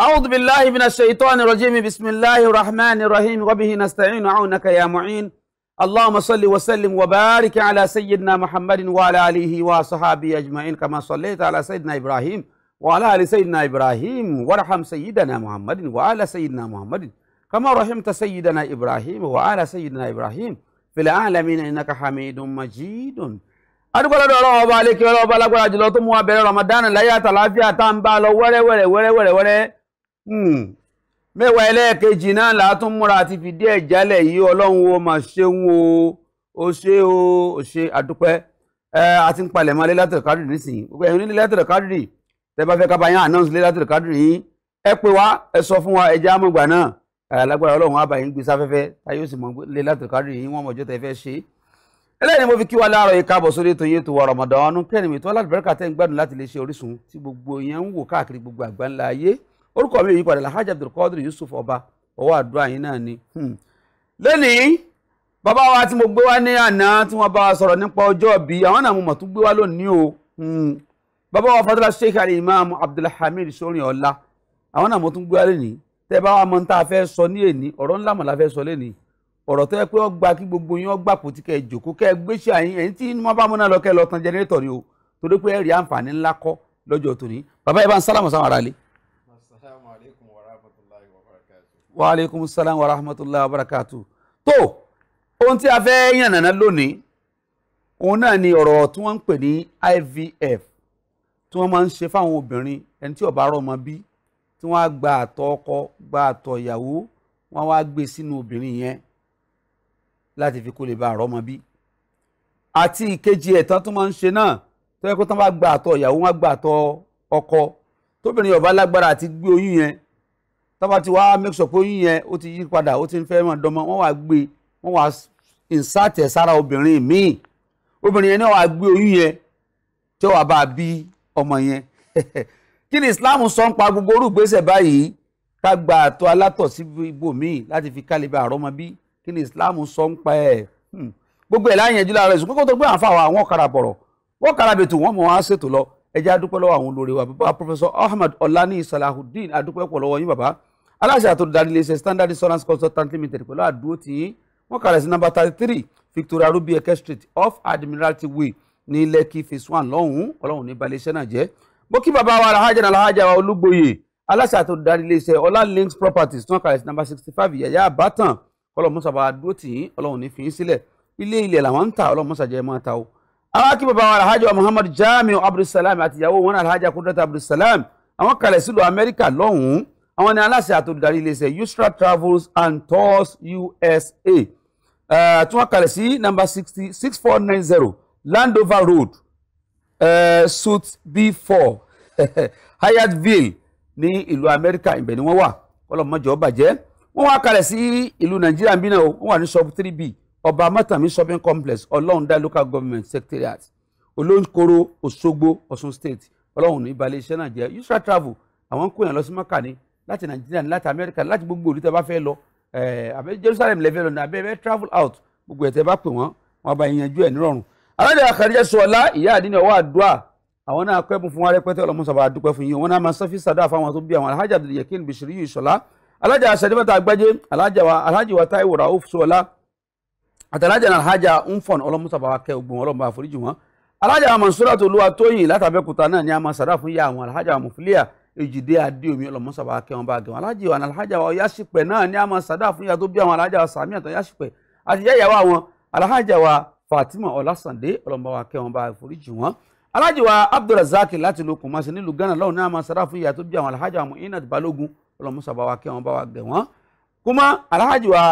أعوذ بالله من الشيطان الرجيم بسم الله الرحمن الرحيم وبه نستعين عونك يا معين اللهم صل وسلم وبارك على سيدنا محمد وعلى آله وصحابه أجمعين كما صليت على سيدنا إبراهيم وعلى آل سيدنا إبراهيم ورحم سيدنا محمد وعلى سيدنا محمد كما رحمت سيدنا إبراهيم وعلى سيدنا إبراهيم في العالمين إنك حميد مجيد adúgbò lọ́dọ̀ ọlọ́run ọba alékè ọlọ́run ọba alágbára jùlọ tó mú wa Ramadan láyé àtàlàáfíà tá à bá lọ wẹ́rẹ́wẹ́rẹ́ wẹ́rẹ́wẹ́rẹ́ wẹ́rẹ́ Hmm. mẹ́wàá ẹlẹ́ẹ̀kejì náà látún múra àti fìdí ẹ̀ jálẹ̀ yìí ọlọ́run o mà ṣeun o ó ṣe o ó ṣe àdúpẹ́ ẹ àti ń palẹ̀ mọ́ lẹ́lẹ́tẹ̀rẹ̀ kádìrì nísìnyí gbogbo ẹ̀yin onílẹ́lẹ́tẹ̀rẹ̀ kádìrì tẹ́ bá fẹ́ ká bá yín announce lẹ́lẹ́tẹ̀rẹ̀ kádìrì yín ẹ pè wá ẹ sọ fún wa ẹ já mọ̀gbà náà alágbára ọlọ́run àbá yín gbé sáfẹ́fẹ́ tá yóò sì mọ̀ lẹ́lẹ́tẹ̀rẹ̀ kádìrì yín wọ́n mọ̀jọ́ tẹ́ fẹ́ ṣe eléyìí ni mo fi kí wa láàárọ̀ yìí káàbọ̀ sórí ètò yìí tó wà Ramadan kẹ́ni mi tó alábẹ́rẹ́ kàtẹ́ ń gbádùn láti lè ṣe Orísun tí gbogbo yẹn ń wò káàkiri gbogbo àgbáńlá ayé orúkọ mi yìí padà Alhaji Abdulkadir Yusuf ọba ọwọ́ àdúrà yín náà ni. Hmm. lónìí bàbá wa tí mo gbé wá ní àná tí wọ́n bá wa sọ̀rọ̀ nípa ọjọ́ ìbí àwọn náà mo mọ̀ tún gbé wá lónìí o hmm. bàbá wa fatala Sheikh Al-Imam Abdulhamid Sorin Ọlá àwọn náà mo tún gbé wá lónìí tẹ́ bá wa mọ̀ tá a fẹ́ sọ ní èní ọ̀rọ̀ ńlá mọ̀ la fẹ́ sọ lónìí ọ̀rọ̀ tó yẹ pé ó gba kí gbogbo yín ó gbà kó tí kẹ́ ẹ jòkó kẹ́ ẹ gbéṣẹ́ àyín ẹ̀yìn tí wọ́n bá múná lọ kẹ́ lọ tan jẹnẹrétọ̀ ni o torí pé ẹ̀rí àǹfààní ńlá kọ́ lọ́jọ́ tòní bàbá yẹn bá ń sálàmù sáwọn aráalé. wa aleykum salaam wa rahmatulah wa barakatu tó ohun tí a fẹ́ yànnàná lónìí òun náà ni ọ̀rọ̀ tí wọ́n ń pè ní IVF tí wọ́n máa ń ṣe fáwọn obìnrin ẹni tí ó bá rọ́mọ bí tí wọ́n á gba àtọ̀ ọkọ gba àtọ̀ ìyàwó wọ́n wá gbé e sínú obìnrin yẹn láti fi kó lè bá rọ́mọ bí àti ìkejì ẹ̀tàn tó máa ń ṣe náà tó yẹ kó tán bá gba àtọ̀ ìyàwó wọ́n á gba àtọ̀ ọkọ tóbìnrin ó lágbára àti gbé oyún yẹn tọ́ba ti wá make sure pé oyún yẹn ó ti yí padà ó ti ń fẹ́ mọ̀ dánmọ́ wọ́n wá gbé wọ́n wá insert ẹ̀ sára obìnrin míì obìnrin yẹn náà wá gbé oyún yẹn tí ó bá a bí ọmọ yẹn kí ni Islam sọ ń pa gbogbo orú ìgbésẹ̀ báyìí ká gba àtọ̀ alátọ̀ sí ibòmíì láti fi kálíbà àrọ́mọ bí kí ni Islam sọ ń pa ẹ̀ hmm. gbogbo ẹ̀ láyẹ̀jú lára ẹ̀sùn tó gbé àǹfà wa àwọn ọ̀kadà bọ̀rọ̀ wọ́n kàrà bètò wọ́n mọ̀ wọ́n á ṣètò lọ ẹjẹ́ adúpẹ́ lọ́wọ́ àwọn olórí wa bàbá Professor Ahmed Olani Salahuddin adúpẹ́ pọ̀ lọ́wọ́ yín bàbá aláṣẹ àtòdàdì iléeṣẹ́ standard insurance consultant limited pẹ̀lú àdúró tí wọ́n kàlẹ̀ sí number thirty three victoria ruby eke street off admiralty way ní lekki phase one lọ́hùn-ún ọlọ́hùn ní balẹ̀ iṣẹ́ náà jẹ́ bó kí bàbá wa alhaja náà alhaja wa olúgbòye aláṣẹ àtòdàdì iléeṣẹ́ ọlá links properties tí wọ́n kàlẹ̀ sí number sixty five yẹ̀yà àbátan ọlọ́mọ́sàbà àdúró tí ọlọ́hùn ní fi í sílẹ̀ ilé ilẹ̀ làwọn ń ta ọlọ́mọ́sàjẹ́ máa ta o aláàkí bàbá wa alhaji wa muhammad jamiu abdulsalam àtìyàwó wọn alhaji akudata abdulsalam àwọn kalẹ̀ sílùú amẹ́ríkà lọ́hùn-ún àwọn ni aláṣẹ àtòdarí iléeṣẹ́ Usra Travels and Tours USA eh, tí wọ́n kalẹ̀ sí nàmbà sixty six four nine zero Landover Road uh, eh, suite B four Hyattville ní ìlú Amẹ́ríkà ibẹ̀ ni wọ́n wà kọ́lọ́mọ́jọ́ bàjẹ́ wọ́n wá kalẹ̀ sí ìlú Nàìjíríà ń bí náà wọ́n wà ní sub three B Ọba Mọ́tàmí shopping complex Ọlọ́rundá local government secretariat Olóńkoro Òṣogbo Ọ̀ṣun state Ọlọ́run ní balẹ̀ iṣẹ́ náà jẹ́ Usra Travel àwọn ń kó yàn lọ sí mọ́kà ni láti nàìjíríà ní láti amẹ́ríkà láti gbogbo òdì tẹ́ bá fẹ́ lọ àbẹ jerusalem lẹ́fẹ́ lọ ní abẹ́ bẹ́ẹ̀ travel out gbogbo ẹ̀ tẹ́ bá pè wọ́n wọn bá yanjú ẹ̀ nírọ̀rùn. aláǹdà àkàrẹ́jẹ́ sọ̀lá ìyá àdínní ọwọ́ àdúrà àwọn náà kẹ́bùn fún wa rẹpẹtẹ ọlọmọsàbà àdúpẹ́ fún yín wọn náà máa sọ fí sàdá fáwọn tó bí àwọn alhaji abdulyakin bishiri yìí sọlá alhaji asadifata agbájé alhaji wa taiwo rauf sọlá àtàlájà alhaja nfọn ọlọmọsàbà wa kẹ ogun ọlọmọ àforíjì wọn alhaja mansuratu olúwa tóyìn látàbẹ́kúta náà ni a máa sàdá fún yà àwọn alhaja mufilia èjìdé adé omi ọlọmọsàbà akẹwọn bá gẹwọn alájì wa alájà wa yásípẹ náà ní àmọ sàdá fún ìyá tó bí àwọn alájà wa sàmì àtàn yásípẹ àti ìyá ìyàwó àwọn alájà wa fatima ọlásàndé ọlọmọbàwà akẹwọn bá foríjì wọn alájì wa abdulrasaq láti ìlú kùmásí nílùú ghana lọ́hùn ní àmọ sàdá fún ìyá tó bí àwọn alájà wa inat balógun ọlọmọsàbà wa akẹwọn bá gẹwọn kúmọ alájì wa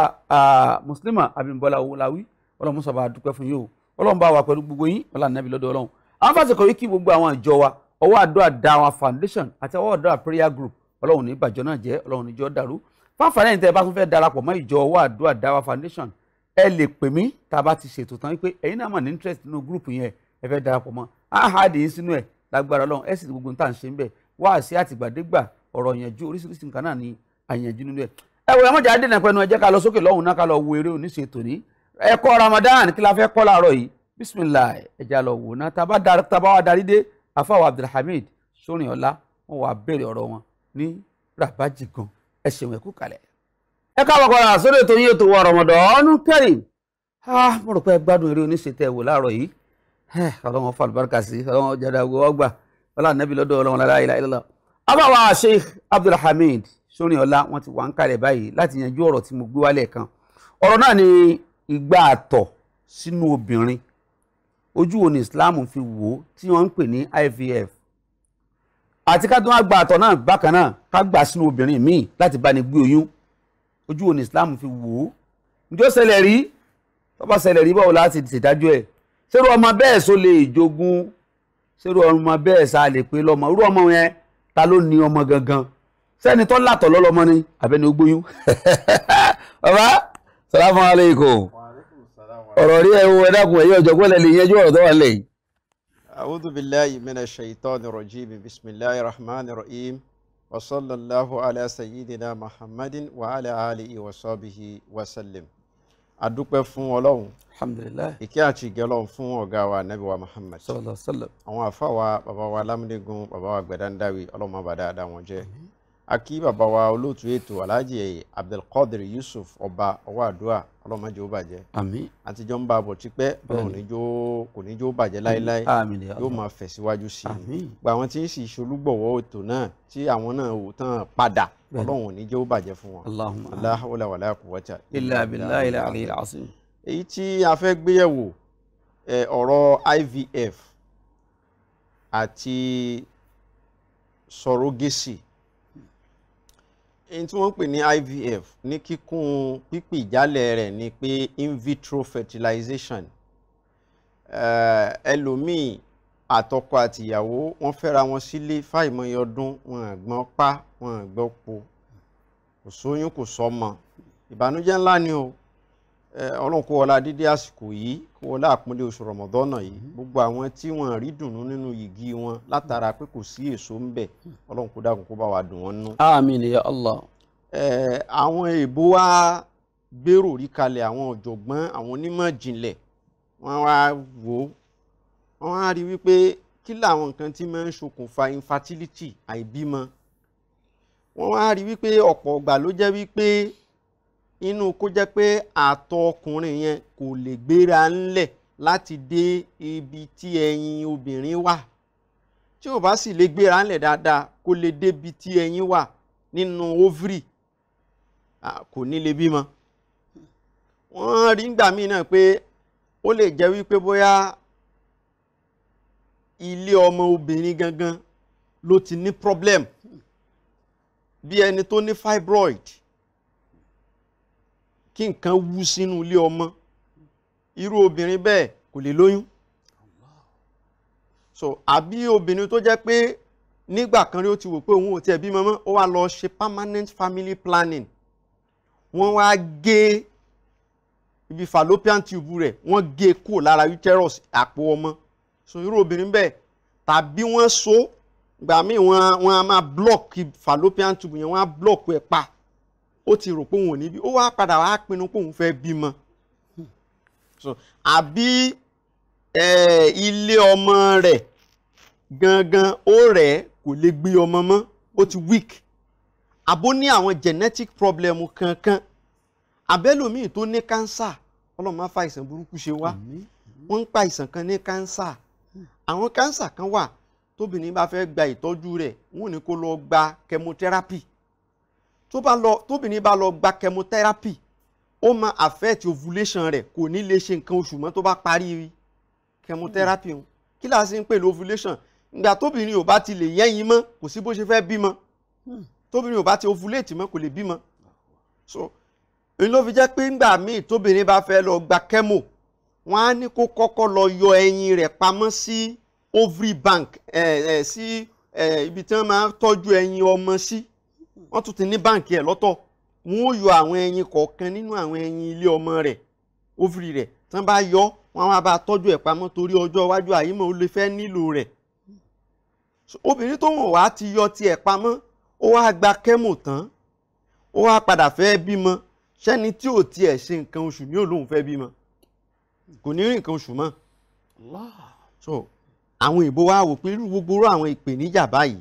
muslima abimbola wulawi ọlọmọsàbà dúpẹ́ fún yìí o ọlọmọbàwà pẹ̀lú gbogbo yín ọlá nàbí lọ́dọ̀ ọlọ́run àwọn fásitì kọ̀wé kí gbogbo àwọn ìjọ wa ọwọ́ àdúrà Dawa foundation àti ọwọ́ àdúrà prayer group ọlọ́run ní ìbàjọ́ náà jẹ́ ọlọ́run níjọ́ dàrú fáfàlẹ́ ní tẹ́ ẹ bá tún fẹ́ darapọ̀ mọ́ ìjọ ọwọ́ àdúrà Dawa foundation ẹ lè pè mí tá a bá ti ṣètò tán wípé ẹ̀yin náà mọ̀ ní interest nínú group yẹn ẹ fẹ́ darapọ̀ mọ́ ahadi yín sínú ẹ̀ lágbára ọlọ́run ẹ sì ti gbogbo nǹkan ṣe ń bẹ̀ wá sí àtìgbàdégbà ọ̀rọ̀ ìyànjú oríṣiríṣi nǹkan náà ni àyànjú nínú ẹ̀ ẹ wò ẹ mọ̀jà dènà pẹ̀lú ẹ jẹ́ ká lọ sókè lọ́hùn náà ká Ramadan kí la fẹ́ kọ́ láàárọ̀ yìí bisimilayi ẹ já lọ wò náà tá afáwọn abdulhamid sórin ọlá wọn wà béèrè ọ̀rọ̀ wọn ní rabaji gan ẹ ṣeun ẹ kú kalẹ̀. ẹ káàbọ̀ padà sórí ètò yìí ètò wa Ramadan Kareem ah, mo rò pé ẹ gbádùn eré oníṣe tẹ wò láàárọ̀ yìí eh, ọlọ́wọ́n fa àlùbáríkà sí ọlọ́wọ́n jẹ́dá ogun ọgbà ọlá nàbí lọ́dọ̀ ọlọ́wọ́n la ilaha illallah. afáwọn Sheikh abdulhamid sórin ọlá wọn ti wà ń kalẹ̀ báyìí láti yanjú ọ̀rọ̀ tí mo gbé wálẹ̀ kan ọ̀rọ̀ náà ni ìgbà àtọ̀ sínú obìnrin ojú wo ni islam fi wò ó tí wọ́n ń pè ní ivf àti ká tó wá gba àtọ̀ náà bákan náà ká gbà sínú obìnrin míì láti bá ní gbé oyún ojú wo ni islam fi wò ó ǹjọ́ ṣẹlẹ̀ rí tọ́ba ṣẹlẹ̀ rí báwo láti ṣèdájọ́ ẹ̀ ṣerú ọmọ bẹ́ẹ̀ so lè jogun ṣerú ọmọ bẹ́ẹ̀ sa lè pé lọ́mọ irú ọmọ yẹn ta ló ní ọmọ gangan sẹ́ni tó látọ̀ lọ́lọ́mọ ni àbẹ́ni ó gbóyún salamu aleykum ọ̀rọ̀ rí ẹ̀wọ̀ ẹ̀dàkùn ẹ̀yọ́ ọ̀jọ̀gbọ́lẹ̀ lè yẹjú ọ̀rọ̀ tó wà lẹ́yìn. a'udhu billahi minash shaitanir rajim bismillahir rahmanir rahim wa sallallahu ala sayyidina muhammadin wa ala alihi wa sahbihi wa sallim. adúpẹ́ fún ọlọ́run. alhamdulillah. ìkẹ́ àti ìgẹ́ ọlọ́run fún ọ̀gá wa nabi muhammad. sallallahu sallam. àwọn àfa wa bàbá wa lámúnigun bàbá wa gbẹ̀dáńdáwì ọlọ́run má bàa dáadáa wọn jẹ́ akí bàbá wa olóòtú ètò alhaji abdulkadir yusuf ọba ọwọ́ àdúrà ọlọ́mọdé ó bàjẹ́ àmín àtijọ́ ń bá a bọ̀ tipẹ́ kò ní jó bàjẹ́ láéláé àmín yóò máa fẹ̀síwájú sí i gba àwọn tí ń sì ṣolúgbọ̀wọ́ ètò náà tí àwọn náà ò tán padà ọlọ́run ò ní jó bàjẹ́ fún wọn aláhùlà wàlá kùwàtà. ilà abilà ilà àlìyé àṣì. èyí tí a fẹ́ gbéyẹ̀wò ọ̀rọ̀ IVF àti sọ̀rọ̀gẹ́sì èyí tí wọ́n ń pè ní IVF ní kíkún pípì ìjálẹ̀ rẹ̀ ni pé in vitro fertilization eh, ẹlòmíì àtọkọ àtìyàwó wọ́n fẹ́ra wọn sílé fáìmọye ọdún wọn àgbọn pa wọn àgbọn po kò sóyún kò sọmọ ìbànújẹ́ ńlá ni o. Eh, ọlọ́run kó wọlá dídé àsìkò yìí kó wọlá àpọ́nlé oṣù rọ̀mọ̀dọ́nà yìí mm-hmm. gbogbo àwọn tí wọ́n rí dùnnú nínú yìgì wọn látara pé kò sí èso ń bẹ̀ ọlọ́run kó dákun kó bá wa dùn wọ́n nú. àmín ya Allah. Eh, àwọn èèbó wa gbèrò rí kalẹ̀ àwọn ọ̀jọ̀gbọ́n àwọn onímọ̀ ìjìnlẹ̀ wọ́n wá wò ó wọ́n á rí wípé kí làwọn nǹkan tí máa ń ṣokùnfà infertility àìbímọ wọ́n wá rí wípé ọ̀pọ̀ ọgbà ló jẹ́ wípé inú kó jẹ́ pé àtọ̀ ọkùnrin yẹn kò lè gbéra ńlẹ̀ láti dé ibi tí ẹyin obìnrin wà tí ò bá sì lè gbéra ńlẹ̀ dáadáa kó lè débi tí ẹyin wà nínú ovary kò ní lè bímọ wọ́n rí ngbà míì náà pé ó lè jẹ́ wípé bóyá ilé ọmọ obìnrin gangan ló ti ní problem bí ẹni tó ní fibroid kí nǹkan wú sínú ilé ọmọ irú obìnrin bẹ́ẹ̀ kò lè lóyún so àbí obìnrin tó jẹ́ pé nígbà kan rí ó ti wò pé òun ò tiẹ̀ bímọ mọ́ ó wá lọ ṣe permanent family planning wọ́n wá gé ibi fallopian tube rẹ̀ wọ́n gé e kúrò lára uterus àpò ọmọ so irú obìnrin bẹ́ẹ̀ tàbí wọ́n so gbà míì a wọ́n á máa block fallopian tube yẹn wọ́n á block ẹ̀ pa ó ti rò pé òun ò ní bí ó wá padà wá pinnu pé òun fẹ́ bímọ àbí ilé ọmọ rẹ̀ gangan ó rẹ̀ kò lè gbé ọmọ mọ́ ó ti weak àbó ní àwọn genetic problem kankan abẹ́lòmíì tó ní cancer ọlọ́run máa fa àìsàn burúkú ṣe wá wọ́n ń pa àìsàn kan ní cancer àwọn cancer kan wà tóbìnrin bá fẹ́ gba ìtọ́jú rẹ̀ wọ́n ní kó lọ gba chemotherapy tó bá lọ tóbìnrin bá lọ gba chemotherapy ó máa affect ovulation rẹ̀ kò ní lè ṣe nǹkan oṣù mọ́ tó bá parí chemotherapy òun kí láà sí ń pè ní ovulation ìgbà tóbìnrin ò bá ti lè yẹ́yìn mọ́ kò sí bó ṣe fẹ́ bímọ tóbìnrin ò bá ti ovulate mọ́ kò lè bímọ so èyí ló fi jẹ́ pé ńgbà míì tóbìnrin bá fẹ́ lọ gba chemo wọ́n á ní kó kọ́kọ́ lọ yọ ẹyin rẹ̀ pamọ́ sí ovary bank ẹ̀ eh, ẹ̀ eh, sí eh, ibi tí wọ́n máa tọ́jú ẹyin ọmọ sí. Si Hmm. wọ́n tún ti ní báǹkì ẹ̀ lọ́tọ̀ wọ́n ó yọ àwọn ẹyin kọ̀ọ̀kan nínú àwọn ẹyin ilé ọmọ rẹ̀ ovary rẹ̀ tán bá yọ wọn á bá tọ́jú ẹ̀ pamọ́ torí ọjọ́ iwájú àyímọ̀ ó lè fẹ́ nílò rẹ̀ obìnrin tó wọ̀n wá ti yọ tiẹ̀ pamọ́ ó wá gba kẹ́mò tán ó wá padà fẹ́ bímọ sẹ́ni tí ò tiẹ̀ ṣe nǹkan oṣù ní òun fẹ́ bímọ kò ní rí nǹkan oṣù mọ́ so àwọn ìbò wa wò pé irú gbogbo àwọn ìpèníjà báyìí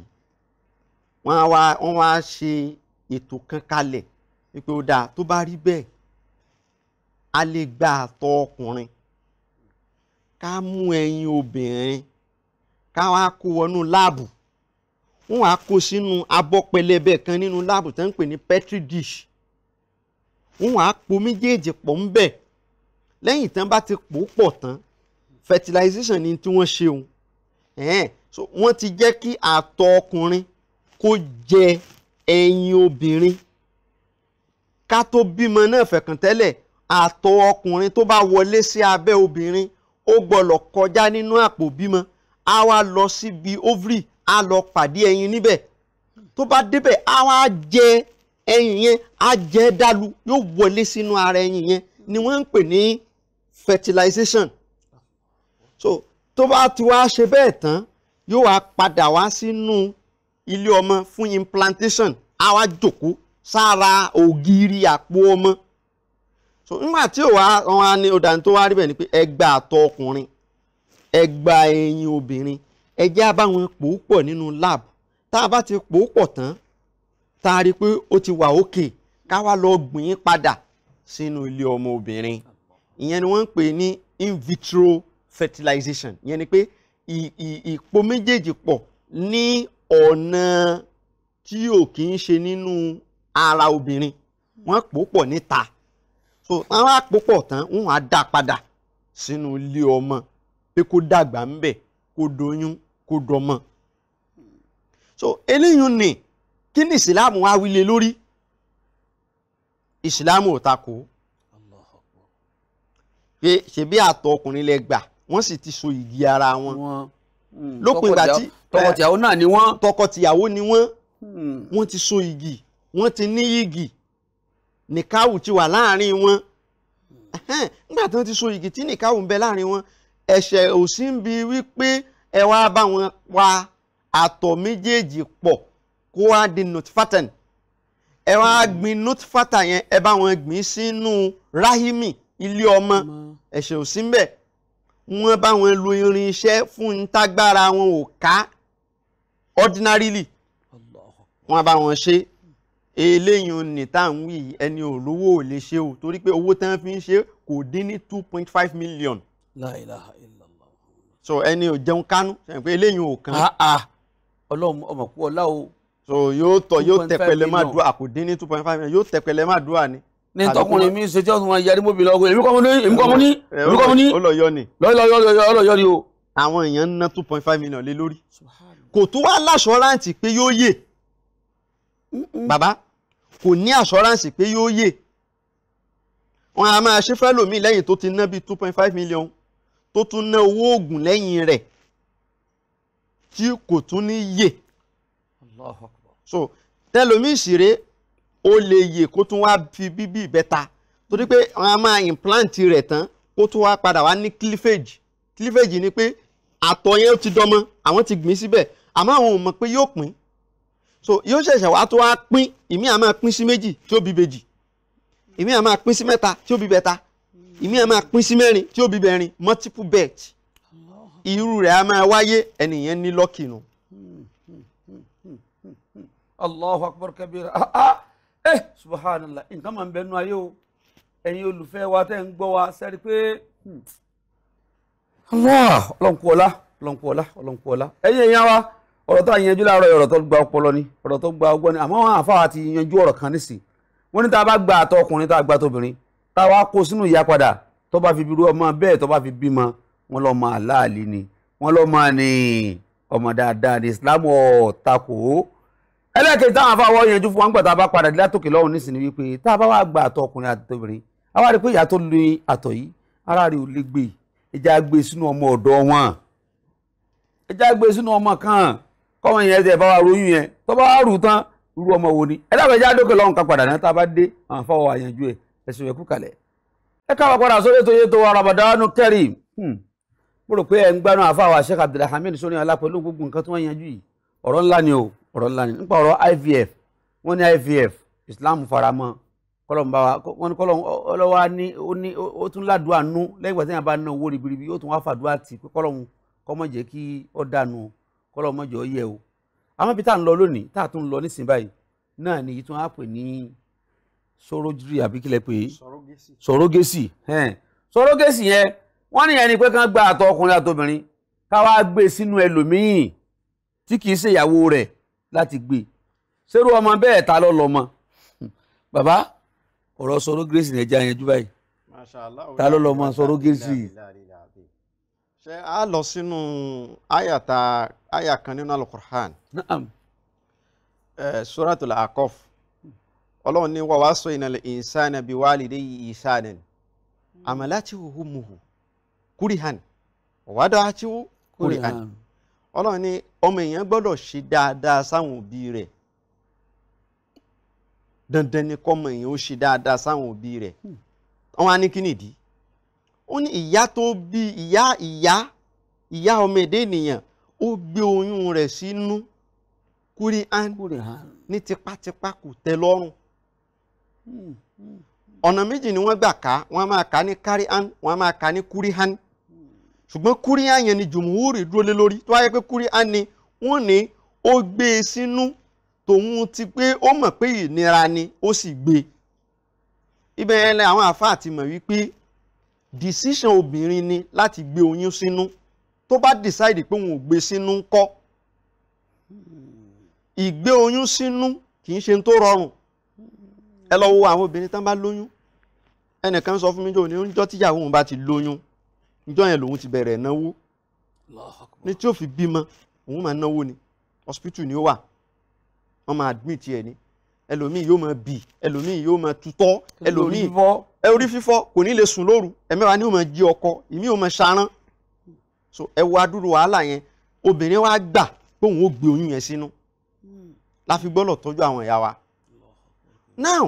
wọ́n wá wọ́n wá ṣe ètò kan kalẹ̀ wípé ó dáa tó bá rí bẹ́ẹ̀ a lè gba àtọ̀ ọkùnrin ká mú ẹyin obìnrin ká wá kó wọnú láàbù wọ́n wá kó sínú abọ́ pẹlẹbẹ kan nínú láàbù tó ń pè ní petri dish wọ́n wá po méjèèjì pọ̀ ń bẹ̀ lẹ́yìn tán bá ti pò pọ̀ tán fertilization ni tí wọ́n ṣe òun wọ́n ti jẹ́ kí àtọ̀ ọkùnrin kó jẹ ẹyin obìnrin ká tó bímọ náà fẹ̀kàntẹ́lẹ̀ àtọ̀ ọkùnrin tó bá wọlé sí abẹ́ obìnrin ó gbọ́dọ̀ kọjá nínú àpò bímọ á wá lọ síbi ovary á lọ pàdé ẹyin níbẹ̀ tó bá débẹ̀ á wá jẹ ẹyin yẹn á jẹ dálu yóò wọlé sínú ara ẹyin yẹn ni wọ́n ń pè ní fertilization so tó bá ti wá ṣe bẹ́ẹ̀ tán yóò wá padà wá sínú ilé ọmọ fún implantation á wá jòkó sára ògiri àpò ọmọ so nígbà tí ò wá wọn á ní ọ̀dà tó wá rí bẹ̀ ni pé ẹgbà àtọ ọkùnrin ẹgbà ẹyin obìnrin ẹjẹ́ á bá wọn pò ó pọ̀ nínú lab tá a bá ti pò ó pọ̀ tán tá a rí i pé ó ti wà òkè ká wá lọ gbìn ín padà sínú ilé ọmọ obìnrin ìyẹn ni wọ́n ń pè ní in vitro fertilization ìyẹn ni pé ìpò méjèèjì pọ̀ ní ọ̀nà tí ò kì í ṣe nínú ara obìnrin wọ́n pò níta so wọ́n á pò pọ̀ tán wọ́n á dá padà sínú ilé ọmọ pé kó dàgbà ń bẹ̀ kó doyún kó dọmọ so eléyìí ni kí ni ìsìláàmù wá wílé lórí ìsìláàmù ò takò pé ṣebí àtọ ọkùnrin lẹ gbà wọ́n sì ti so ìgi ara wọn. Wow. Hmm. lópin ìgbà tí tọkọtìyàwó náà ni wọ́n tọkọtìyàwó ni wọ́n hmm. wọ́n ti so igi wọ́n ti ní igi nìkáwù ti wà láàrin wọn nígbà tí wọ́n ti so igi tí nìkáwù ń bẹ láàrin wọn ẹ̀ṣẹ̀ ò sí ń bi wípé ẹ wá bá wọn pa àtọ̀ méjèèjì pọ̀ kó wá di notfatan ẹ wá hmm. gbin notfatan yẹn ẹ bá wọn gbìn sínú rahimi ilé ọmọ ẹ̀ṣẹ̀ ò sí ń bẹ wọ́n bá wọn lo irinṣẹ́ fún ntágbára wọn ò ká ordinarily wọ́n bá wọn ṣe eléyìí ní táwọn wí ẹni olówó ò lè ṣe o torí pé owó tán fi ń ṣe kò dín ní two point five million. so ẹni ò jẹun kánú sẹ́yìn pé eléyìí ò kàn. ọlọ́run ọmọ ọlá o. so yóò tọ yóò tẹpẹlẹ má dùn àkò dín ní two point five million yóò tẹpẹlẹ má dùn àní ní tọkùnrin mi ṣe tí ọ̀sùn wọn yarí mọ́bìlì ọkùnrin èmi kọ́ mo ní èmi kọ́ mo ní èmi kọ́ mo ní ọlọ́yọ́ ni ọlọ́yọ́ ni o. àwọn èèyàn ń ná two point five million lé lórí kò tó wá láṣọ́ráǹtì pé yóò yè bàbá kò ní àṣọ́ráǹsì pé yóò yè wọn a máa ṣe fẹ́lòmíì lẹ́yìn tó ti ná bíi two point five million tó tún ná owó oògùn lẹ́yìn rẹ̀ tí kò tún ní yè so tẹlomi ìṣeré ó lè yè kó tún wá fi bíbí ìbẹ́ta torí pé wọn a máa implant rẹ̀ tán kó tún wá padà wá ní cleavage cleavage ni pé àtọ̀ yẹn ti dọ́mọ àwọn ti gbìn síbẹ̀ àmọ́ àwọn ò mọ̀ pé yóò pín so yóò ṣẹ̀ṣẹ̀ wá tó wá pín ìmí àmọ́ pín sí méjì tí ó bí bèjì ìmí àmọ́ pín sí mẹ́ta tí ó bí bẹ́ta ìmí àmọ́ pín sí mẹ́rin tí ó bí bẹ́rin multiple birth irú rẹ̀ a máa wáyé ẹnìyẹn ní lọ́kì nù. Hmm, hmm, hmm, Allahu akbar kabira ah ah subhanallah nǹkan máa ń bẹnu ayé o ẹ̀yin olùfẹ́ wa tẹ́ ń gbọ́ wa sẹ́rí pé hmm. ọlọ́nkú ọlá ọlọ́nkú ọlá ọlọ́nkú ọlá ẹ̀yin èèyàn wa ọ̀rọ̀ tó àyànjú láàárọ̀ ọ̀rọ̀ tó gba ọpọlọ ni ọ̀rọ̀ tó gba ọgbọ́n ni àmọ́ wọn àfáà ti yanjú ọ̀rọ̀ kan nísì wọ́n ní tá a bá gba àtọ ọkùnrin tá a gba tóbìnrin tá a wá kó sínú ìyá padà tó bá fi birú ọmọ bẹ́ẹ̀ tó bá fi bímọ wọn lọ máa láàlì ni wọn lọ máa ní ọmọ dáadáa ní Islam ọ̀ takò ẹlẹ́ẹ̀kejì táwọn afáwọ́ yanjú fún wa ń gbà tá a bá padà dé látòkè lọ́hùn nísìnyí wípé tá a bá wá gba àtọ̀ ọkùnrin àtọbìnrin a wá rí i pé ìyá tó lu àtọ̀ yìí ara rẹ̀ ò lè gbé ẹja gbé sínú ọmọ ọ̀dọ́ wọn ẹja gbé sínú ọmọ kan kọ́mọ yẹn ẹsẹ̀ bá wa ròyìn yẹn tó bá wá rù tán irú ọmọ wo ni ẹlẹ́ẹ̀kejì àdókè lọ́hùn kan padà náà tá a bá dé àwọn afáwọ́ àyànjú ẹ̀ ẹ̀sùn ẹ̀kú kalẹ̀ ẹ káwọ́ padà sórí ètò yẹn tó wa Ramadan Kareem hmm, mo rò pé ẹ̀ ń gbádùn àfáwọ̀ Sheikh Abdulhamid sórí alápẹ̀lú gbogbo nǹkan tí wọ́n ọ̀rọ̀ ńlá ni nípa ọ̀rọ̀ IVF wọ́n ní IVF Islam faramọ́ kọlọmba wa wọ́n ní kọlọm ọlọwà ní ó ní ó tún ládùúà nú lẹ́yìn ìgbà tí yàrá bá ná owó ribiribi ó tún wá fàdúrà tì pé kọlọm kọmọ jẹ́ kí ọ dànù kọlọm jọ yẹ o àmọ́ ibi tá à ń lọ lónìí tá à tún lọ nísìnyí báyìí náà ni ìtún á pè ní sorojiri àbí kílẹ̀ pé sorogesi sorogesi yẹn wọ́n ní yẹn ni pé kán gba àtọ̀ ọkùnrin àtobìnrin káwá gbé e sínú ẹlòmíì tí kì í ṣèyàwó rẹ̀ láti gbé ṣerú ọmọ bẹ́ẹ̀ ta lọ lọ́mọ bàbá ọ̀rọ̀ sọ̀rọ̀ grace ní ẹja yanjú báyìí ta ló lọ́mọ sọ̀rọ̀ grace. ṣé a lọ sínú àyàtà àyà kan nínú alukur'an suratul akọf ọlọ́run ní wàá sọ ìnàlẹ̀ ìsànà bíi wàlídé ìsànà àmàlà tí wò ó mú kúrìhàn wàá dọ̀ wò kúrìhàn ọlọ́run ní ọmọ èèyàn gbọ́dọ̀ ṣe dáadáa sáwọn òbí rẹ̀ dandan ni kọ́mọ èèyàn ó ṣe dáadáa sáwọn òbí rẹ̀ hmm. wọ́n á ní kí nìdí ó ní ìyá tó bí ìyá ìyá ìyá ọmọ èdè ènìyàn ó gbé oyún rẹ̀ sínú kúrí án ní tipátipá kò tẹ́ lọ́rùn hmm, hmm, ọ̀nà méjì ni wọ́n gbà ká wọ́n máa ká ní kárí án wọ́n máa ká ní kúrí án ṣùgbọ́n kúríà yẹn ni jùmùúrì dúró lé lórí tó wáyé pé kúríà ni wọ́n ní ó gbé e sínú tòun ti pé ó mọ̀ pé ìnira ni ó sì gbé e ibẹ̀ yẹn lẹ àwọn àáfàá ti mọ̀ wípé decision obìnrin ni láti gbé oyún sínú tó bá decide pé òun ò gbé e sínú ńkọ́ ìgbé oyún sínú kì í ṣe tó rọrùn ẹ lọ wo àwọn obìnrin tán bá lóyún ẹnìkan sọ fún mi jọ ní oúnjẹ tíyàwó òun bá ti lóyún níjọ́ yẹn lòun ti bẹ̀rẹ̀ náwó ní tí ó fi bímọ òun máa náwó ni hospital ni ó wà wọ́n máa admit ẹ̀ ni ẹlòmíì yóò máa bì ẹlòmíì yóò máa tutọ́ ẹlòmíì orí fífọ́ kò ní lè sùn lóru ẹ̀mẹ́wàá ni ó máa jí ọkọ ìmí ó máa ṣarán so ẹ wo adúrú wàhálà yẹn obìnrin wa gbà pé òun ó gbé oyún yẹn sínú hmm. la fi gbọ́dọ̀ tọ́jú àwọn ìyá wa now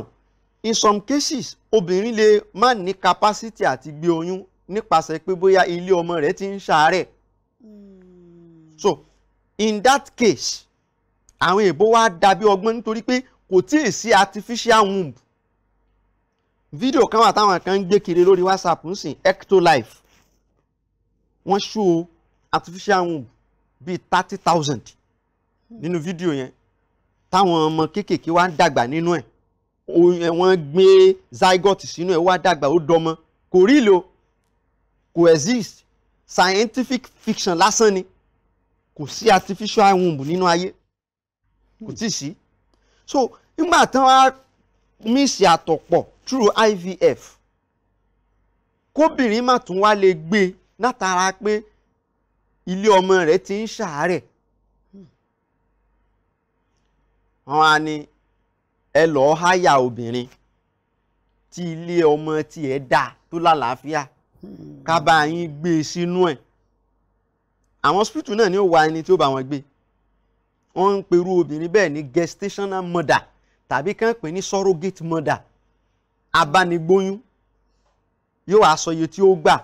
in some cases obìnrin lè má ní capacity àti gbé oyún nípasẹ̀ pé bóyá ilé ọmọ rẹ̀ ti ń ṣàárẹ̀ hmm. so in that case àwọn èèbó wa dàbí ọgbọ́n nítorí pé kò tí ì sí artificial womb fídíò kan wà táwọn kan ń gbé kiri lórí whatsapp ń sìn ectolife wọ́n ṣó artificial womb bíi thirty thousand nínú fídíò yẹn táwọn ọmọ kéékèèké wá ń dàgbà nínú ẹ̀ wọ́n gbé zygote sínú ẹ̀ wá dàgbà ó dọmọ kò rí lò kò exist scientific fiction lásán ni kò sí artificial womb nínú ayé kò tí sí so nígbà tán wá mísì àtọ̀pọ̀ through IVF kóbìnrin má tún wá lè gbé látara pé ilé ọmọ rẹ̀ ti ń ṣàárẹ̀ wọn á ní ẹ lọ́ọ́ háyà obìnrin tí ilé ọmọ tiẹ̀ dáa tó lálàáfíà. La ká bá yín gbé e sínú ẹ̀ àwọn hospital náà ni ó wá ẹni tí ó bá wọn gbé wọ́n ń perú obìnrin bẹ́ẹ̀ gestational murder tàbí kàn pé ní surrogate mother. abánigbóyún yóò wá so iye tí ó gbà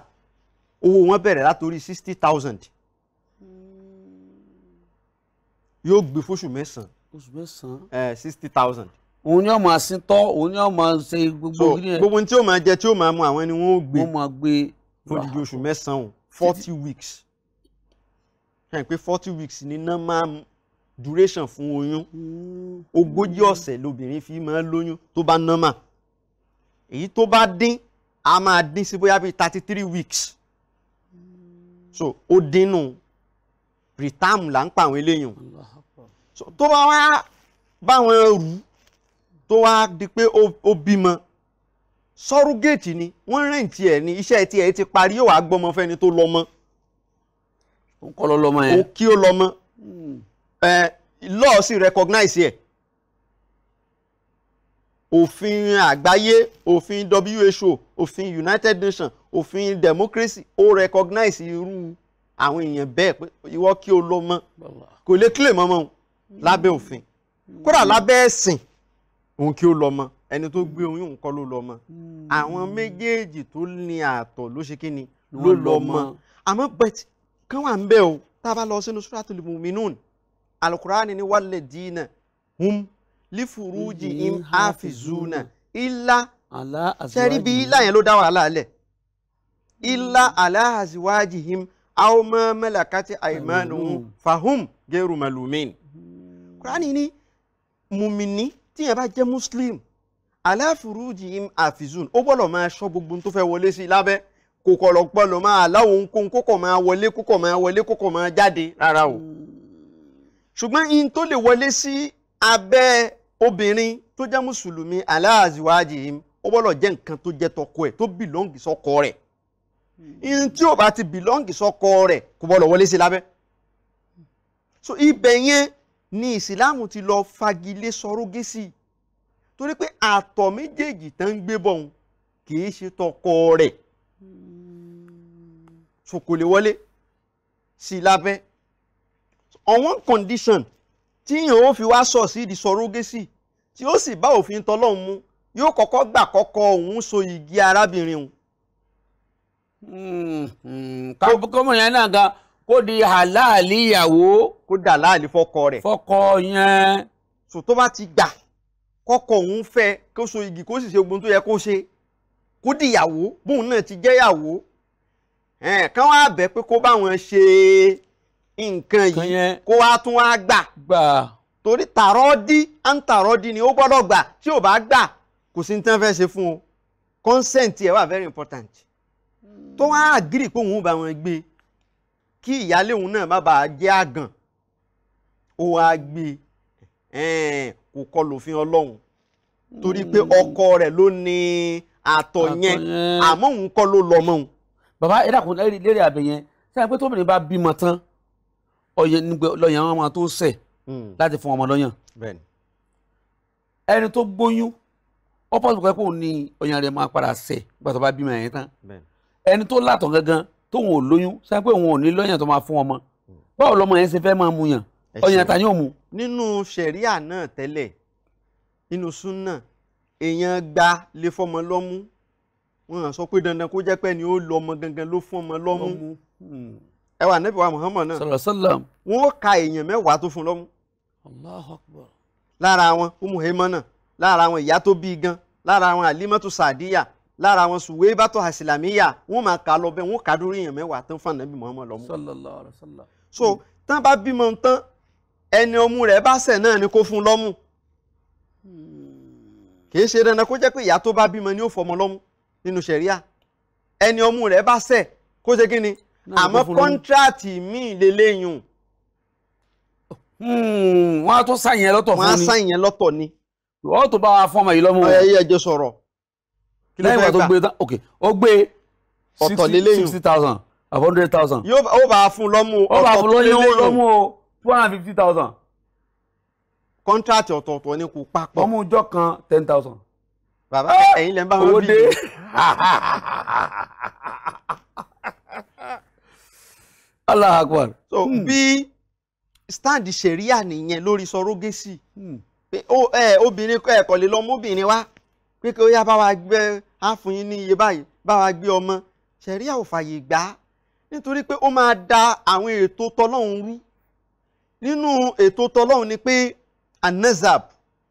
owó wọn bẹ̀rẹ̀ látòrí sixty thousand hmm. yóò gbé fóṣù mẹ́sàn-án oṣù mẹ́sàn eh, òun ni ọmọ asíntọ́ òun ni ọmọ ṣe gbogbo gírí ẹ̀. gbogbo tí ó máa jẹ tí ó máa mu àwọn ẹni wọn ó gbé. wọ́n máa gbé. fódìdí oṣù mẹ́sàn-án forty weeks ṣe é pé forty weeks ni normal duration fún oyún hmm. ogójì ọ̀sẹ̀ lobìnrin fi máa lóyún tó bá normal èyí tó bá dín a máa dín sí bóyá bíi thirty three weeks hmm. so ó dínú preterm là ń pa àwọn eléyìí tó bá wá báwọn rù ú tó wá di pé ó bímọ sọrúgéètì ni wọ́n rẹǹtì ẹ̀ ní iṣẹ́ tí ẹ ti parí yóò wá gbọ́mọ fẹ́ni tó lọ́mọ. ó kọ́ lọ lọ́mọ yẹn. ó kí ó lọ́mọ. Hmm. ẹ lọ́ọ̀ sì recognize ẹ̀. òfin àgbáyé òfin WHO òfin United Nations òfin democracy ó recognize irú àwọn èèyàn bẹ́ẹ̀ pé ìwọ kí ó lọ́mọ kò lè claim mọ́mọ́ lábẹ́ òfin hmm. kódà lábẹ́ ẹ̀sìn. Mm òun kí ó lọ́mọ ẹni tó gbé hmm. oyún òun kọ́ ló lọ́mọ hmm. àwọn méjèèjì tó ní àtọ̀ ló ṣe kíni ló lọ́mọ àmọ́ bẹ́t kán wà ń bẹ̀ o tá a bá lọ sínú suratul muminun alukurani ni walladina hum li furuji im hafizuna illa sẹ́rí bí ilá yẹn ló dá wàhálà lẹ̀ illa hmm. ala azwajihim aw ma malakati fahum geru malumin kurani ni mumini tíyẹn bá jẹ́ muslim aláfurujì im àfizùn ó gbọ́dọ̀ máa ṣọ́ gbogbo tó fẹ́ wọlé sí lábẹ́ kò kọ̀ lọ́gbọ́dọ̀ máa láwọn ohunkóhun kókò máa wọlé kókò máa wọlé kókò máa jáde rárá o ṣùgbọ́n in tó lè wọlé sí abẹ́ obìnrin tó jẹ́ mùsùlùmí aláàzíwájì im ó gbọ́dọ̀ jẹ́ nǹkan tó jẹ́ tọkọ ẹ̀ tó bìlọ́ǹgì sọ́kọ rẹ̀ in tí ò bá ti bìlọ́ǹgì sọ́kọ rẹ̀ kò gbọ́dọ̀ wọlé sí lábẹ́ so ibẹ̀ yẹn ni ìsìláàmù ti lọ fagilé sọrógésì torí pé àtọ̀ méjèèjì tán ń gbé bọ̀hún kì ṣe tọkọ rẹ̀ so lè wọlé sí lábẹ́ on one condition tí yìnyín ó fi wá sọ sí di sọrógésì tí ó sì bá òfin tọlọ́hún mu yóò kọ́kọ́ gbà kọ́kọ́ òun so igi arábìnrin òun. Hmm, hmm, kọ́mọ̀ náà gan kó di àláàlì ìyàwó. kó di àláàlì fọkọ rẹ̀. fọkọ yẹn. sò tó bá ti gbà kọkọ òun fẹ́ kó so igi kó sì ṣe ogun tó yẹ kó ṣe kó di ìyàwó bóun náà ti jẹ́yàwó kán wá bẹ̀ pé kó báwọn ṣe nǹkan yìí kó wá tún wá gbà. torí tààrọ́ dí à ń tààrọ́ dí ni ó gbọ́dọ̀ gbà tí ò bá gbà kò sí ní tán fẹ́ ṣe fún o consent ẹ̀ wà very important tó wá àgírí pé òun bá wọn gbé kí ìyáálé òun náà má bàa jẹ́ àgàn ó wá gbé e. kò kọlù òfin ọlọ́run torí pé hmm. ọkọ rẹ̀ ló ní àtọ̀ yẹn àmọ́ òun kọ́ ló lọ mọ́ òun. bàbá ẹ dàkún lérí àbẹ yẹn sáyẹn pé tóbìnrin bá bímọ tán lọ́yàn wọn máa tó sẹ̀ hmm. láti fún ọmọ lọ́yàn ẹni tó gbóyún ó pọ̀ sí pé kò ní ọyàn rẹ̀ máa padà sẹ̀ nígbà tó bá bímọ yẹn tán ẹni tó látọ̀ gangan tóun ò lóyún sáà pé òun ò ní lọ́yàn tó máa fún ọmọ báwo lọmọ yẹn ṣe fẹ́ máa mu yàn ọyàn ta ni ò mu. nínú ṣẹ̀ríà náà tẹ́lẹ̀ nínú súnà èèyàn gba lè fọmọ lọ́mú wọn à sọ pé dandan kó jẹ́ pé ni ó lọ ọmọ gangan ló fún ọmọ lọ́mú hmm. ẹ nẹ́bí wa Muhammad náà sallallahu alaihi wasallam wọn ó ka èèyàn mẹ́wàá tó fún lọ́mú Allahu Akbar lára wọn Ummu Haymana lára wọn ìyá tó bí gan lára wọn Alimatu Sadiya lára àwọn sùwé bàtọ̀ àsìlámíyà wọ́n máa kà lọ bẹ́ẹ̀ wọ́n kà dórí èèyàn mẹ́wàá tán fún ànábì Muhammad lọ́mú. sallallahu so tán bá bímọ tán ẹni ọmú rẹ̀ bá ṣẹ̀ náà ni kó fún lọ́mú. Hmm. kì í ṣe dandan kó jẹ́ pé ìyá tó bá bímọ ni ó fọmọ lọ́mú nínú ṣẹ̀ríà ẹni ọmú rẹ̀ bá ṣẹ̀ kó ṣe kí ni àmọ́ kọ́ńtíráàtì míì lélẹ́yìn hmm, wọ́n á tún sàn yẹn lọ́tọ̀ fún ni. wọ́n á sàn yẹn lọ́tọ̀ ni. wọ́n tó bá wa fọmọ yìí lọ́mú. ẹ yẹ ẹjọ sọ̀rọ̀ lẹ́yìn ìgbà tó gbé tán ok ó gbé ọ̀tọ̀ lélẹ́yìn sixty thousand àbọ̀ hundred thousand. yóò ó bá a fún lọ́mú ọ̀tọ̀ lélẹ́yìn ó bá a fún lọ́mú o two hundred and fifty thousand. kọ́ńtrátì ọ̀tọ̀ọ̀tọ̀ ni kò papọ̀. ọmọ ọjọ́ kan ten thousand. bàbá ah! ẹ̀yin lẹ́ ń bá wọn bí. Allah akbar. so hmm. bí stand ṣẹ̀ríà nìyẹn lórí sọrógésì hmm. obìnrin ẹ̀kọ́ lè lọ mú obìnrin wá pé kí ó yá bá wa gbé á fún yín ní iye báyìí bá wa gbé ọmọ ṣẹ̀ríà ò fàyè gbà á nítorí pé ó máa da àwọn ètò tọlọ́hun rú nínú ètò tọlọ́hun ni pé anazab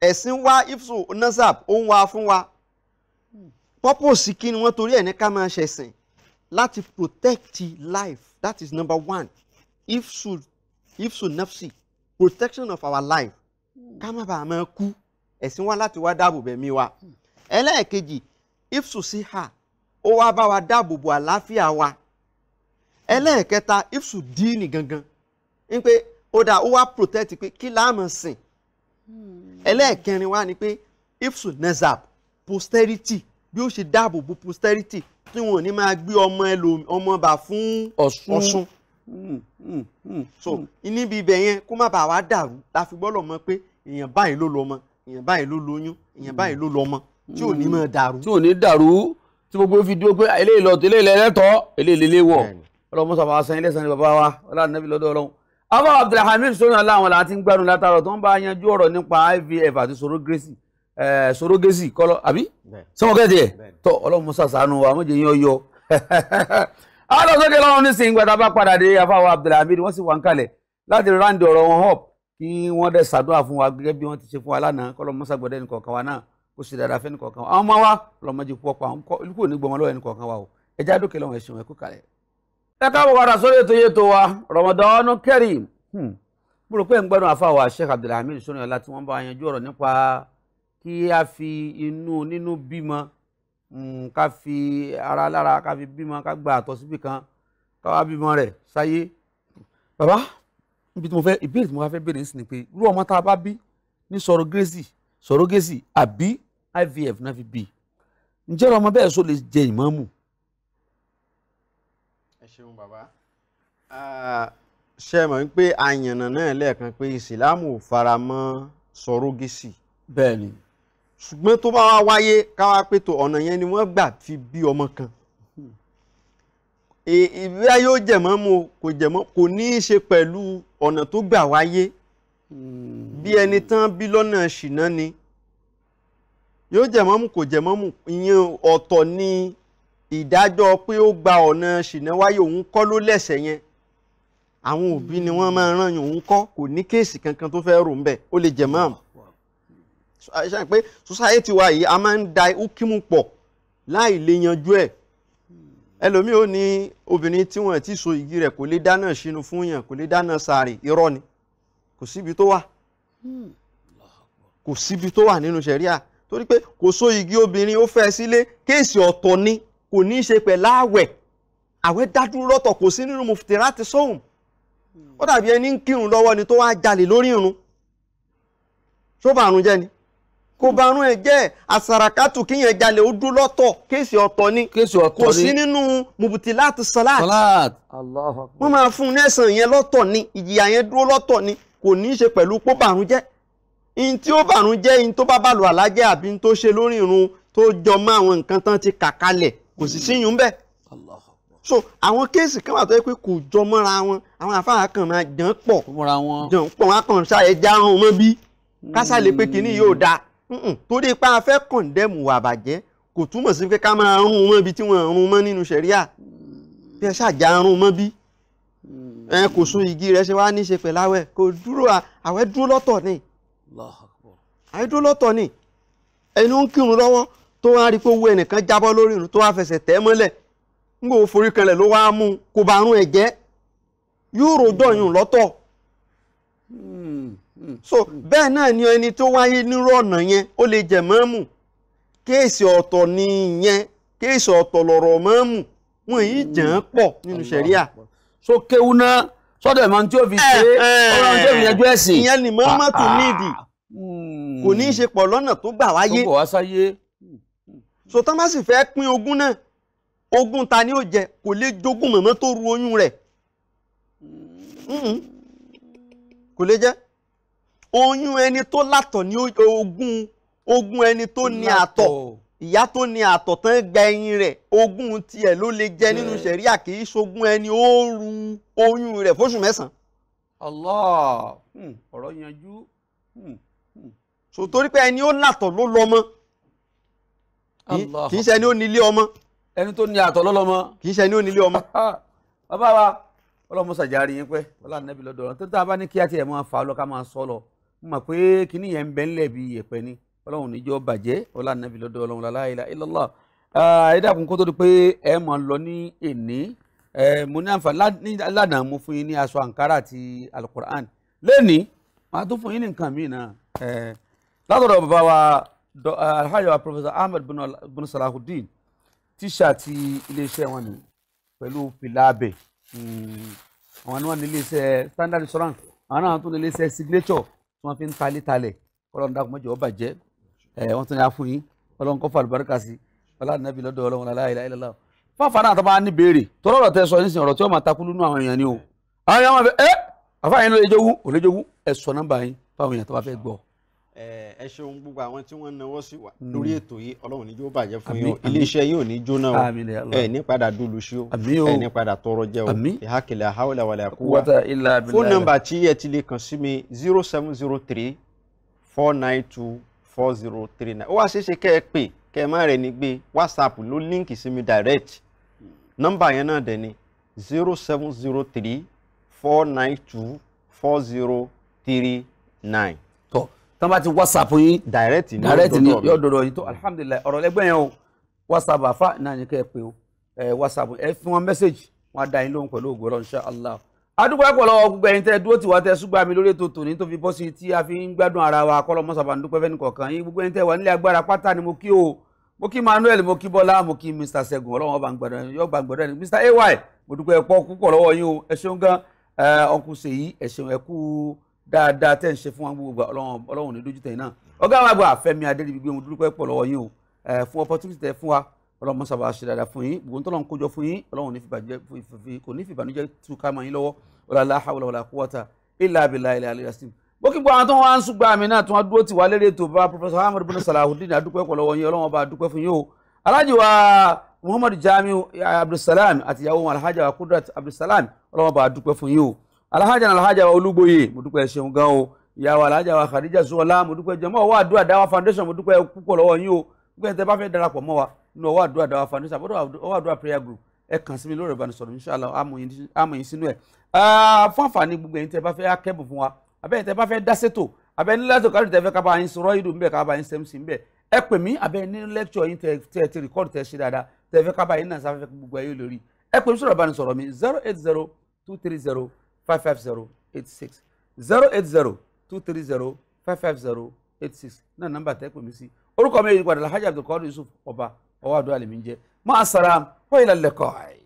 ẹ̀sìn wá ifso anazab ó ń wá fún wa pọ́pọ̀sì kí ni wọ́n torí ẹ̀ ní ká máa ṣẹ̀sìn láti protect life that is number one ifso ifso nafsi protection of our life ká má bàa máa kú ẹ̀sìn wá láti wá dáàbò bẹ̀mí wa. Hmm ẹlẹ́ẹ̀kejì ifsu siha ó wá bá wa dáàbò bo àlàáfíà wa ẹlẹ́ẹ̀kẹta ifsu díìnì gangan ń pé ó dà ó wá protect pé kí la sìn hmm. ẹlẹ́ẹ̀kẹrin wá ni pé ifsu nezab posterity bí ó ṣe dáàbò bo posterity tí wọn ò ní máa gbé ọmọ ẹlòmí ọmọ bà fún ọ̀ṣun hmm, hmm, so níbi ibẹ̀ yẹn kó má bàa wá dàrú la fi gbọ́dọ̀ mọ̀ pé èèyàn báyìí ló lọ́mọ èèyàn báyìí ló lóyún èèyàn báyìí ló lọ́mọ tí ò ní máa dàrú. tí ò ní dàrú tí gbogbo fi dúró pé ah, eléyìí lọ eléyìí lẹ́tọ̀ọ́ eléyìí lè wọ̀ ọlọ́mọ sọ̀rọ̀ àwọn sanyẹ́lẹ̀ sanyẹ́ bàbá wa ọlọ́run nàbí lọ́dọ̀ ọlọ́run. afa abdulhamid sọ́nà aláwọn là ti ń gbádùn látàrọ̀ tó ń bá yanjú ọ̀rọ̀ nípa ivf àti sorogesi sorogesi kọ́lọ́ àbí sọ́wọ́n kẹ́tì ẹ̀ tọ́ ọlọ́run musa sànù wa mọ̀jẹ̀ yín ọyọ. alọ́ sókè lọ́wọ́ ní sìn gbàtà bá padà dé afa abdulhamid wọ́n sì wà ń kalẹ̀ láti ráǹdì ọ̀rọ̀ wọn họ́p kí wọ́n dẹ̀ ṣàdúrà fún wa gẹ́gẹ́ bí wọ́n ti ṣe fún wa lánàá kọ́lọ́ musa gbọ́dẹ̀ nìkan kan wa náà kó sì dáadáa fẹ́ni kọ̀ọ̀kan àwọn ọmọ wa lọ́mọdé púpọ̀ pa àwọn olùkọ́ ní gbọmọ lọ́wọ́ ẹni kọ̀ọ̀kan wa o ẹja dókè lọ́wọ́ ẹ̀sìn ẹ̀kú kalẹ̀. ẹ káàbọ̀ padà sórí ètò yìí tó wa Ramadan Kareem hmm. mo rò pé ń gbádùn àfa wa Sheikh Abdulhamid Soniola tí wọ́n bá yanjú ọ̀rọ̀ nípa kí a fi inú nínú bímọ hmm, ká fi ara lára ká fi bímọ ká gba àtọ̀ síbì kan ká wá bímọ rẹ̀ sáyé. bàbá ibi tí mo fẹ́ ìbéèrè tí mo fẹ́ béèrè ń sìn ni pé irú ọmọ tá a bá bí ní sọ̀rọ̀ gírésì sọ̀rọ̀gẹ́sì àbí ivf náà fi bí ǹjẹ́ ọmọ bẹ́ẹ̀ sọ lè jẹ ìmáàmù. ẹ ṣeun bàbá ṣe mọ̀ pé àyànnà náà lẹ́ẹ̀kan pé ìsìláàmù ò fara mọ́ sọ̀rọ̀gẹ́sì. bẹ́ẹ̀ ni. ṣùgbọ́n tó bá wá wáyé káwá pé tó ọ̀nà yẹn ni wọ́n gbà fi bí ọmọ kan ìbílẹ̀ yóò jẹ̀mọ́ mu kò jẹ̀mọ́ kò ní í ṣe pẹ̀lú ọ̀nà tó gbà wáyé bí ẹni tán bí lọ́nà ṣìnà ni yóò jẹ̀mọ́mù kò jẹ̀mọ́mù ìyẹn ọ̀tọ̀ ni ìdájọ́ pé ó gba ọ̀nà ṣìnà wáyé òun kọ́ ló lẹ́sẹ̀ yẹn àwọn òbí ni wọ́n máa ràn yàn òun kọ́ kò ní kéèsì kankan tó fẹ́ rò ń bẹ̀ ó lè jẹ̀mọ́mù ṣáà pé society wa yìí a máa ń da ukimu pọ̀ láì lè yanjú ẹ̀ ẹlòmíì ò ní obìnrin tí wọ́n ti so igi rẹ̀ kò lè dáná sínú fún yàn kò lè dáná sàárè irọ́ ni kò síbi tó wà hmm. kò síbi tó wà nínú ṣẹ̀ríà torí pé kò so igi obìnrin ó fẹ́ sílé kéèsì ọ̀tọ̀ ni kò ní í ṣe pẹ̀láàwẹ̀ àwẹ̀ dádúró lọ́tọ̀ kò sí nínú mufitira ti sóhùn hmm. ó dàbí ẹni ń kírun lọ́wọ́ ni tó wá jalè lórí irun ṣó bàrún jẹ́ ni kò bàrún ẹ̀ jẹ́ àsàràkàtù kíyẹn jalè ó dúró lọ́tọ̀ kéèsì ọ̀tọ̀ ni kò sí nínú mufitira ti salat wọ́n máa fún un ní ẹ̀san yẹn lọ́tọ̀ ni ìjìyà yẹn dúró lọ́tọ̀ ni kò ní í ṣe pẹ̀lú pó bàrún jẹ́ in tí ó bàrún jẹ́ in tó bá bàlù àlájẹ́ àbí in tó ṣe lórí irun tó jọ mọ́ àwọn nǹkan tán ti kà kalẹ̀ kò sì síyún bẹ́ẹ̀ so àwọn kéèsì kan wà tó yẹ pé kò jọ mọ́ra wọn àwọn àfáà kan máa jàn pọ̀ jàn pọ̀ wọn kàn ṣàyẹ̀ já hàn mọ́ bí kásá lè pé kínní yóò dáa torí ipá afẹ́ kọ̀ǹdẹ́mù wà bàjẹ́ kò túmọ̀ sí pé ká máa rún mọ́ ibi tí wọ́n rún mọ́ nínú ṣẹ̀ríà bí ẹ ṣàjà rún mọ́ bí. ẹ kò sun igi rẹ ṣe wá ní ṣe pẹ̀lú àwẹ̀ kò dúró àwẹ̀ dúró lọ́tọ̀ ni àwẹ̀ dúró lọ́tọ̀ ni ẹni ó ń kírun lọ́wọ́ tó wá rí pé owó ẹnìkan jábọ́ lórí irun tó wá fẹsẹ̀ tẹ̀ mọ́lẹ̀ ń gbòó forí kanlẹ̀ ló wá mú kó bá rún ẹ̀ jẹ́ yóò rojọ́ yùn lọ́tọ̀ hmm, hmm. so bẹ́ẹ̀ náà ni ẹni tó wáyé nírú ọ̀nà yẹn ó lè jẹ́ mọ́mù kéèsì ọ̀tọ̀ ni ìyẹn kéèsì ọ̀tọ̀ lọ̀rọ̀ mọ́mù wọn yìí jẹ́ ń pọ̀ nínú sẹ̀ríà. so kéwú náà sọ́dọ̀ ìmọ̀ tí ó fi ṣe ọ̀rọ̀ eh, eh. tí ó fi yanjú ẹ̀sìn. ìyẹn ni mọ́mọ́ tó níìdì kò ní í ṣe pọ̀ lọ́nà tó gbà wáyé. tó bọ̀ wá sáyé. so tán bá sì fẹ́ pín ogún náà ogún ta ni ó jẹ kò lè jogún mọ̀mọ́ tó ru oyún rẹ̀ kò lè jẹ́ oyún ẹni tó látọ̀ ní ogún ogún ẹni tó ní àtọ̀ ìyá tó ní àtọ̀tán gba ẹyin rẹ̀ ogún tiẹ̀ ló lè jẹ nínú sẹ̀ríà kì í ṣogún ẹni ó ru oyún rẹ̀ fóṣù mẹ́sàn-án. Allah hmm, ọ̀rọ̀ yanjú. Hmm, hmm. so torí pé ẹni ó látọ̀ ló lọ́mọ kì í ṣe ẹni ó nílé ọmọ. ẹni tó ní àtọ̀ ló lọ́mọ. kì í ṣe ẹni ó nílé ọmọ. bàbá wa ọlọ́mọ sàjárì yín pẹ́ ọlá nẹ́bí lọ́dọ̀ ọ̀rọ̀ tó tá a bá ní kíá tiẹ̀ máa fà á lọ ká máa sọ lọ mo mọ̀ pé kinní yẹn ń bẹ́ bíi yẹ̀pẹ̀ ni ọlọ́run níjọ́ bàjẹ́ ọlá nàbí lọ́dọ̀ ọlọ́run la ilaha illallah ah, ẹ̀ẹ́dàkùn kó tó di pé ẹ mọ̀ lọ ní èní mo ní àǹfààní lánàá mo fún yín ní aṣọ àǹkárá àti alukur'an lẹ́nìí màá tún fún yín ní nǹkan míì náà látọ̀dọ̀ bàbá wa eh, alhaji wa professor ahmed bin salahuddin tíṣà ti iléeṣẹ́ wọn ni pẹ̀lú filabe hmm, àwọn ni wọ́n ní iléeṣẹ́ standard insurance àwọn náà tún ní iléeṣẹ́ signature tí wọ́n fi ń talé talẹ̀ kọ́lọ́ọ̀dà kò bàjẹ́ ẹ eh, wọn tún ní afún yín Ọlọ́run kó fà lùbáríkà sí ọlá nàbí lọ́dọ̀ Ọlọ́run la ilaha illallah fáfàá náà tó máa ní béèrè tọrọ ọ̀rọ̀ tẹ sọ ní sìn ọ̀rọ̀ tí wọn máa takú lúnú àwọn èèyàn ni o àwọn èèyàn máa fẹ́ ẹ eh, àfa yẹn lóye jogún òlé jogún ẹ sọ nọ́mbà yín fáwọn èèyàn tó bá fẹ́ gbọ́. Eh, ẹ ṣeun gbogbo àwọn tí wọn náwó sí wa hmm. lórí ètò yìí Ọlọ́run ní jó bàjẹ́ fún yín o iléeṣẹ́ yìí ò ní jóná o ẹ ní padà dúlù sí o ẹ ní padà tọrọ jẹ o ìhákìlẹ àháwọlẹ wàlẹ àkúwà fóònù nọ́mbà tí ẹ ti lè kàn sí mi zero seven zero three four nine two 4039 zero three nine ó wá ṣeéṣe kẹ́ ẹ pè kẹ́ ẹ má rẹ̀ ní gbé whatsapp ló líǹkì sí mi direct nọ́mbà yẹn náà dẹ̀ ni 0703 492 4039 ni tó alihamudulilayi ọ̀rọ̀ yẹn o náà ni o whatsapp ẹ wọn wọn á yín allah. adúpẹ́ pọ̀ lọ́wọ́ gbogbo ẹ̀yin tẹ́ dúró tìwá tẹ́ súgbà mi lórí ètò tòní tó fi bọ́ sí tí a fi ń gbádùn ara wa kọ́lọ́mọ́ sábà ń dúpẹ́ fẹ́ni kọ̀ọ̀kan yín gbogbo ẹ̀yin tẹ́ wà nílé agbára pátá ni mo kí o mo kí Manuel mo kí Bọ́lá mo kí Mr Ṣẹ́gun ọlọ́wọ́n bá ń gbàdọ̀ yọ gbàgbọ́dọ̀ ni Mr AY mo dúpẹ́ pọ̀ púpọ̀ lọ́wọ́ yín o ẹ ṣeun gan ọkù ṣèyí ẹ ṣeun ẹ kú dáadáa tẹ́ ń ṣe fún wa gbogbo ọlọ́wọ́n ní dójú tẹ̀yìn náà ọ̀gá àwọn àgbà Fẹ́mi Adédìbí gbé mo dúpẹ́ pọ̀ lọ́wọ́ yín o fún opportunity tẹ́ fún wa ọlọ́run mọ́sá bá ṣe dáadáa fún yín gbogbo tó lọ́n kójọ fún yín ọlọ́run kò ní fìbànújẹ́ tú ká máa yín lọ́wọ́ ọlọ́lá hawla wala quwwata illa billahi ilẹ̀ alẹ́ yasin. bó kí n àwọn tó wá ń sùgbà àmì náà tó wá dúró tì wá lérè tó bá Professor Ahmad bin Salahuddin adúpẹ́ pọ̀ lọ́wọ́ yín ọlọ́run ọba adúpẹ́ fún yín o alájì wa Muhammadu Jamiu Abdulsalam àti ìyàwó alhaja wa Kudrat Abdulsalam ọlọ́run ọba adúpẹ́ fún yín o alhaja na alhaja wa Olúgbòye mo dúpẹ́ ṣeun gan o ìyàwó alhaja wa Khadija Zuwala mo dúpẹ́ wa foundation mo dúpẹ́ púpọ̀ lọ́wọ́ yín o dúpẹ́ tẹ ní ọwọ́ àdúrà dáwà foundation àbọ̀dọ̀ ọwọ́ àdúrà prayer group ẹ kàn sí mi lórí ìbánisọ̀rọ̀ inṣàlá amòyìn sínú ẹ̀ fún àǹfààní gbogbo ẹ̀yin tẹ́ bá fẹ́ akẹ́bù fún wa abẹ́yìn tẹ́ bá fẹ́ dá sétò abẹ́ ní lẹ́tọ̀ káàdì tẹ́ fẹ́ kábà yín sọ̀rọ̀ ìdùn bẹ́ẹ̀ kábà yín sẹ́mùsì bẹ́ẹ̀ ẹ pè mí abẹ́ ní lẹ́kṣọ̀ yín tẹ́ ti rìkọ́ọ̀dù tẹ́ ṣe dáadáa tẹ́ fẹ́ kábà yín náà sáfẹ́fẹ́ zero eight zero two three zero five five zero eight six zero eight zero two three zero five five zero eight six náà nọ́mbà tẹ́ pè mí sí orúkọ mi èyí padà وادو علي منجي مع السلامه وإلى اللقاء